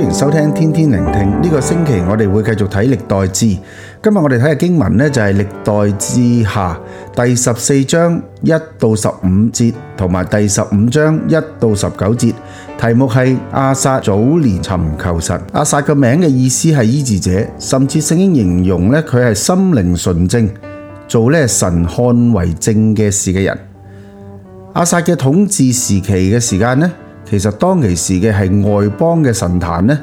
歡迎收聽天天聆聽，呢個星期我哋會繼續睇歷代誌，今日我哋睇嘅經文呢就係歷代誌下第十四章一到十五節，同埋第十五章一到十九節，題目係亞撒早年尋求神。亞撒嘅名嘅意思係醫治者，甚至聖經形容呢佢係心靈純正，做呢神看為正嘅事嘅人。亞撒嘅統治時期嘅時間呢？其實當其時嘅係外邦嘅神壇咧，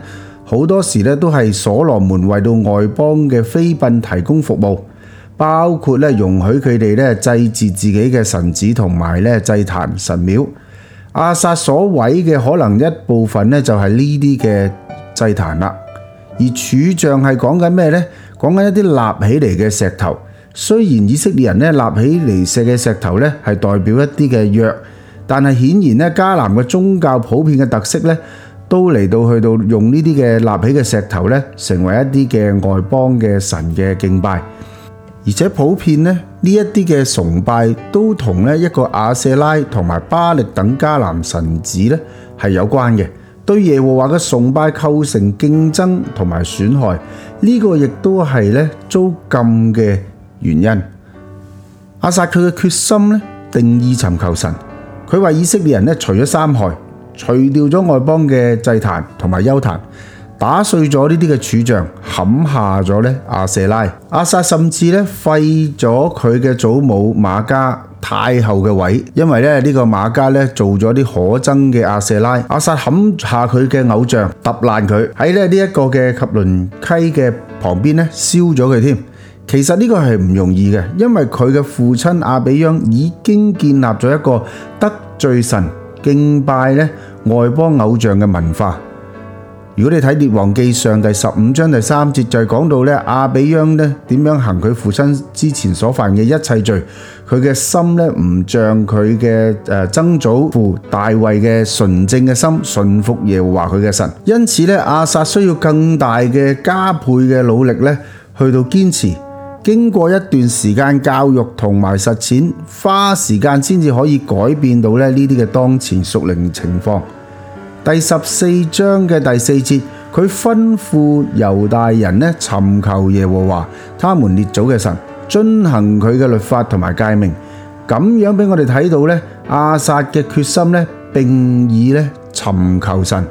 好多時咧都係所羅門為到外邦嘅妃嬪提供服務，包括咧容許佢哋咧祭祀自己嘅神子同埋咧祭壇神廟。亞撒所毀嘅可能一部分咧就係呢啲嘅祭壇啦。而柱像係講緊咩咧？講緊一啲立起嚟嘅石頭。雖然以色列人咧立起嚟嘅石頭咧係代表一啲嘅約。但係顯然咧，迦南嘅宗教普遍嘅特色咧，都嚟到去到用呢啲嘅立起嘅石頭咧，成為一啲嘅外邦嘅神嘅敬拜。而且普遍咧呢一啲嘅崇拜都同咧一個亞舍拉同埋巴力等迦南神祇咧係有關嘅。對耶和華嘅崇拜構成競爭同埋損害呢個，亦都係咧遭禁嘅原因。亞撒佢嘅決心咧，定意尋求神。佢話以色列人除咗三害，除掉咗外邦嘅祭壇同埋丘壇，打碎咗呢啲嘅柱像，砍下咗咧亞舍拉。亞撒甚至咧廢咗佢嘅祖母瑪迦太后嘅位，因為咧呢個瑪迦呢做咗啲可憎嘅亞舍拉。亞撒砍下佢嘅偶像，揼爛佢喺咧呢一個嘅汲淪溪嘅旁邊咧燒咗佢添。其實呢個係唔容易嘅，因為佢嘅父親亞比央已經建立咗一個得罪神敬拜呢外邦偶像嘅文化。如果你睇《列王記上》第十五章第三節，就講到呢亞比央呢點樣行佢父親之前所犯嘅一切罪，佢嘅心呢唔像佢嘅曾祖父大衛嘅純正嘅心，順服耶和華佢嘅神。因此呢，亞撒需要更大嘅加倍嘅努力呢，去到堅持。經過一段時間教育同埋實踐，花時間先至可以改變到咧呢啲嘅當前屬靈情況。第十四章嘅第四節，佢吩咐猶大人咧尋求耶和華他們列祖嘅神，遵行佢嘅律法同埋誡命，咁樣俾我哋睇到呢，亞撒嘅決心咧，並以咧尋求神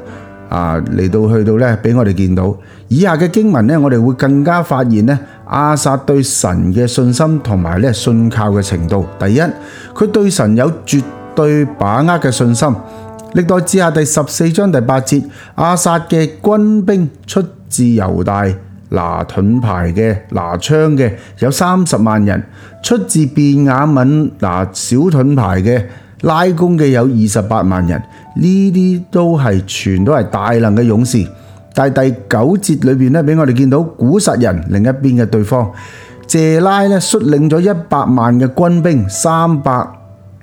啊嚟到去到呢，俾我哋見到以下嘅經文呢，我哋會更加發現呢。亞撒對神嘅信心同埋信靠嘅程度，第一，佢對神有絕對把握嘅信心。歷代志下第十四章第八節，亞撒嘅軍兵出自猶大拿盾牌嘅拿槍嘅有三十萬人，出自便雅憫拿小盾牌嘅拉弓嘅有二十八萬人，呢啲都係全都係大能嘅勇士。但係第九節裏邊咧，俾我哋見到古實人另一邊嘅對方謝拉咧，率領咗一百萬嘅軍兵、三百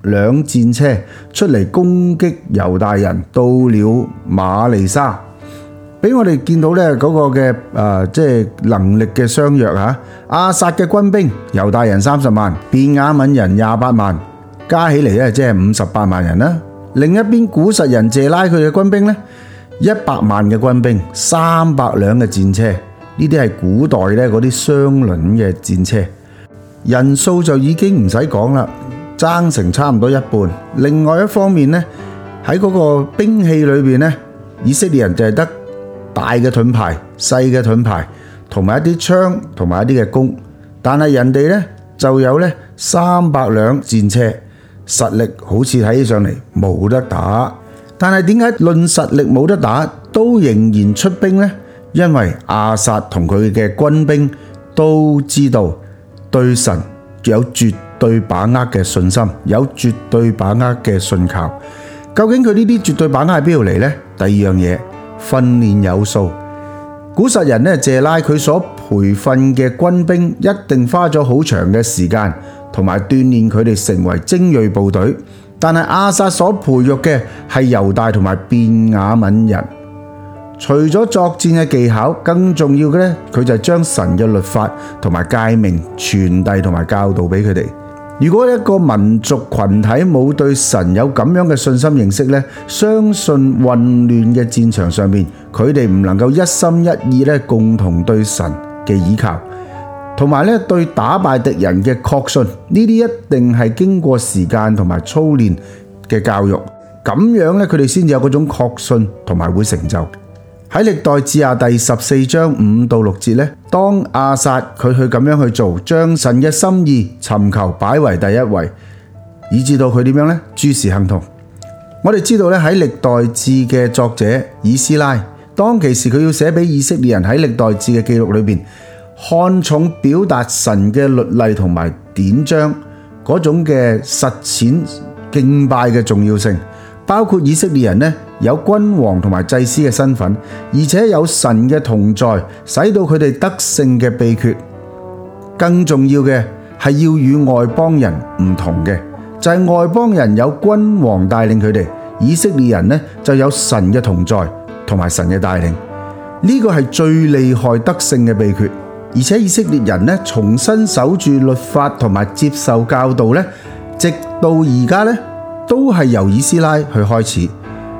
輛戰車出嚟攻擊猶大人，到了瑪利沙，俾我哋見到咧嗰個嘅誒，即係能力嘅相若啊！亞撒嘅軍兵猶大人三十萬，便雅憫人廿八萬，加起嚟咧即係五十八萬人啦。另一邊古實人謝拉佢嘅軍兵咧。一百萬嘅軍兵，三百輛嘅戰車，呢啲係古代咧嗰啲雙輪嘅戰車，人數就已經唔使講啦，爭成差唔多一半。另外一方面呢，喺嗰個兵器裏邊呢，以色列人就係得大嘅盾牌、細嘅盾牌，同埋一啲槍，同埋一啲嘅弓。但係人哋呢就有呢三百輛戰車，實力好似睇起上嚟冇得打。但係點解論實力冇得打都仍然出兵呢？因為亞撒同佢嘅軍兵都知道對神有絕對把握嘅信心，有絕對把握嘅信靠。究竟佢呢啲絕對把握喺邊度嚟呢？第二樣嘢，訓練有素。古實人呢，謝拉佢所培訓嘅軍兵一定花咗好長嘅時間，同埋鍛鍊佢哋成為精銳部隊。但係亞撒所培育嘅係猶大同埋便雅憫人，除咗作戰嘅技巧，更重要嘅咧，佢就將神嘅律法同埋誡命傳遞同埋教導俾佢哋。如果一個民族群體冇對神有咁樣嘅信心認識咧，相信混亂嘅戰場上面，佢哋唔能夠一心一意咧，共同對神嘅倚靠。同埋咧，對打敗敵人嘅確信，呢啲一定係經過時間同埋操練嘅教育，咁樣咧，佢哋先至有嗰種確信同埋會成就。喺歷代志下第十四章五到六節咧，當亞撒佢去咁樣去做，將神嘅心意尋求擺為第一位，以致到佢點樣咧，諸事亨通。我哋知道咧，喺歷代志嘅作者以斯拉，當其時佢要寫俾以色列人喺歷代志嘅記錄裏邊。看重表達神嘅律例同埋典章嗰種嘅實踐敬拜嘅重要性，包括以色列人呢有君王同埋祭司嘅身份，而且有神嘅同在，使到佢哋得勝嘅秘訣。更重要嘅係要與外邦人唔同嘅，就係外邦人有君王帶領佢哋，以色列人呢就有神嘅同在同埋神嘅帶領，呢個係最厲害得勝嘅秘訣。而且以色列人咧重新守住律法同埋接受教導咧，直到而家咧都係由以斯拉去開始，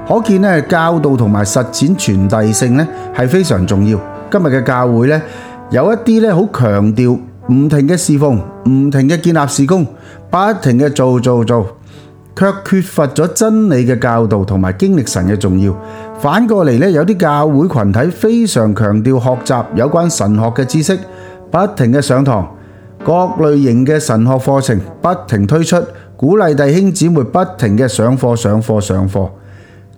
可見咧教導同埋實踐傳遞性咧係非常重要。今日嘅教會咧有一啲咧好強調唔停嘅侍奉，唔停嘅建立事工，不停嘅做做做。卻缺乏咗真理嘅教導同埋經歷神嘅重要。反過嚟咧，有啲教會群體非常強調學習有關神學嘅知識，不停嘅上堂，各類型嘅神學課程不停推出，鼓勵弟兄姊妹不停嘅上課，上課、上課、上課。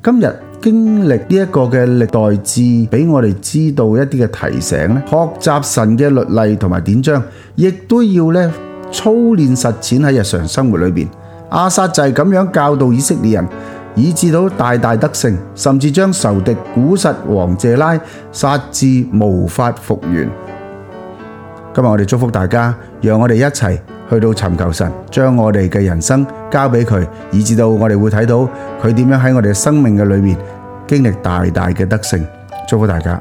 今日經歷呢一個嘅歷代志，俾我哋知道一啲嘅提醒咧，學習神嘅律例同埋典章，亦都要咧操練實踐喺日常生活裏邊。亞撒就係咁樣教導以色列人，以致到大大得勝，甚至將仇敵古實王謝拉殺至無法復原。今日我哋祝福大家，讓我哋一齊去到尋求神，將我哋嘅人生交俾佢，以致到我哋會睇到佢點樣喺我哋生命嘅裏面經歷大大嘅得勝。祝福大家。